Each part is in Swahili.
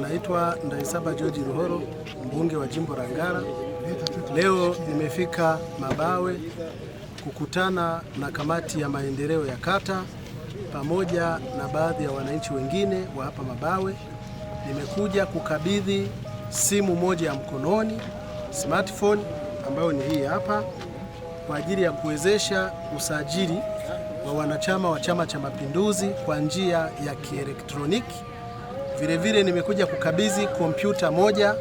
Naitwa Ndaisaba George Ruhoro, mbunge wa jimbo la Ngara. Leo nimefika Mabawe kukutana na kamati ya maendeleo ya kata pamoja na baadhi ya wananchi wengine wa hapa Mabawe. Nimekuja kukabidhi simu moja ya mkononi smartphone, ambayo ni hii hapa kwa ajili ya kuwezesha usajili wa wanachama wa Chama cha Mapinduzi kwa njia ya kielektroniki. Vilevile nimekuja kukabidhi kompyuta moja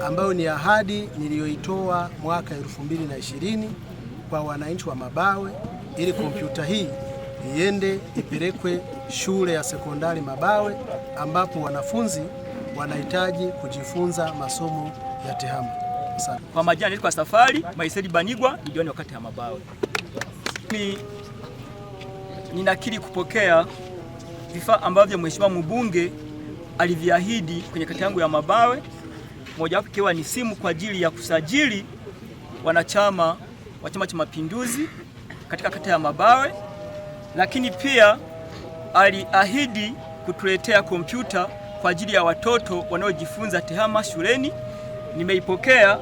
ambayo ni ahadi niliyoitoa mwaka 2020 kwa wananchi wa Mabawe ili kompyuta hii iende ipelekwe shule ya sekondari Mabawe ambapo wanafunzi wanahitaji kujifunza masomo ya tehama. Asante. Kwa majina kwa Safari Maiseli Banigwa, ni wakati ya Mabawe. Ni ninakiri kupokea vifaa ambavyo mheshimiwa mbunge alivyoahidi kwenye kata yangu ya Mabawe, mojawapo ikiwa ni simu kwa ajili ya kusajili wanachama wa Chama cha Mapinduzi katika kata ya Mabawe, lakini pia aliahidi kutuletea kompyuta kwa ajili ya watoto wanaojifunza TEHAMA shuleni. Nimeipokea,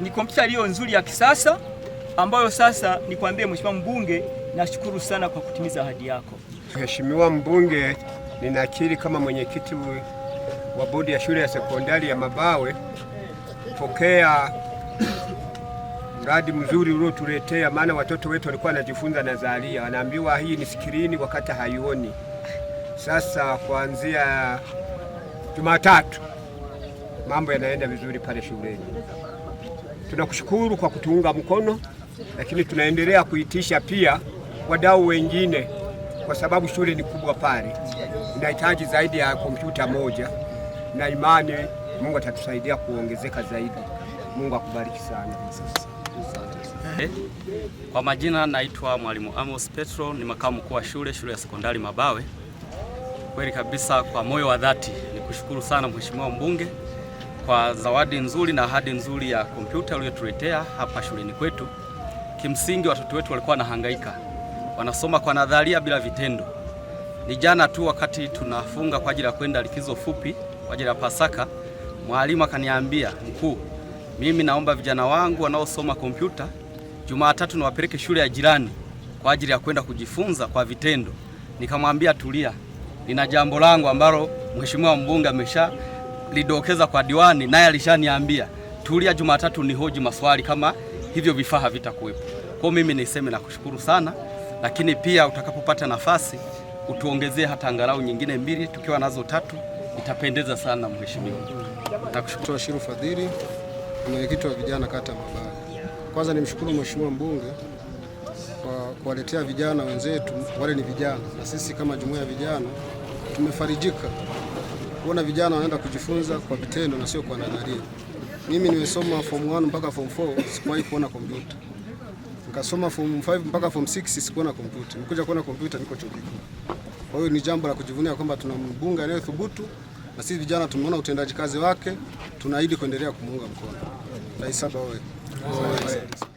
ni kompyuta iliyo nzuri ya kisasa ambayo sasa nikwambie, Mheshimiwa Mbunge, nashukuru sana kwa kutimiza ahadi yako. Mheshimiwa Mbunge Ninakiri kama mwenyekiti wa bodi ya shule ya sekondari ya Mabawe pokea mradi mzuri uliotuletea, maana watoto wetu walikuwa wanajifunza nadharia, wanaambiwa hii ni skrini wakati haioni. Sasa kuanzia Jumatatu mambo yanaenda vizuri pale shuleni. Tunakushukuru kwa kutuunga mkono, lakini tunaendelea kuitisha pia wadau wengine kwa sababu shule ni kubwa pale, inahitaji zaidi ya kompyuta moja, na imani Mungu atatusaidia kuongezeka zaidi. Mungu akubariki sana. Eh? Kwa majina naitwa Mwalimu Amos Petro, ni makamu mkuu wa shule shule ya sekondari Mabawe. Kweli kabisa, kwa moyo wa dhati nikushukuru sana Mheshimiwa mbunge kwa zawadi nzuri na ahadi nzuri ya kompyuta uliyotuletea hapa shuleni kwetu. Kimsingi watoto wetu walikuwa wanahangaika wanasoma kwa nadharia bila vitendo. Ni jana tu wakati tunafunga kwa ajili ya kwenda likizo fupi kwa ajili ya Pasaka, mwalimu akaniambia, mkuu, mimi naomba vijana wangu wanaosoma kompyuta Jumatatu niwapeleke shule ya jirani kwa ajili ya kwenda kujifunza kwa vitendo. Nikamwambia, tulia, nina jambo langu ambalo mheshimiwa mbunge amesha lidokeza kwa diwani, naye alishaniambia tulia, Jumatatu ni hoji maswali kama hivyo vifaa havitakuwepo. Kwa mimi niseme na kushukuru sana lakini pia utakapopata nafasi utuongezee hata angalau nyingine mbili, tukiwa nazo tatu itapendeza sana mheshimiwa. Nakushukuru. Washiru Fadhili, mwenyekiti wa vijana kata Mabaya. Kwanza nimshukuru mheshimiwa mbunge kwa kuwaletea vijana wenzetu, wale ni vijana na sisi kama jumuiya ya vijana tumefarijika kuona vijana wanaenda kujifunza kwa vitendo na sio kwa nadharia. Mimi nimesoma form 1 mpaka form 4 sikuwahi kuona kompyuta Nikasoma form 5 mpaka form 6 sikuwa na kompyuta. Nikuja kuona kompyuta niko chuo kikuu. Kwa hiyo ni jambo la kujivunia kwamba tuna mbunge anayethubutu na sisi vijana tumeona utendaji kazi wake, tunaahidi kuendelea kumuunga mkono. Rais Saba oye!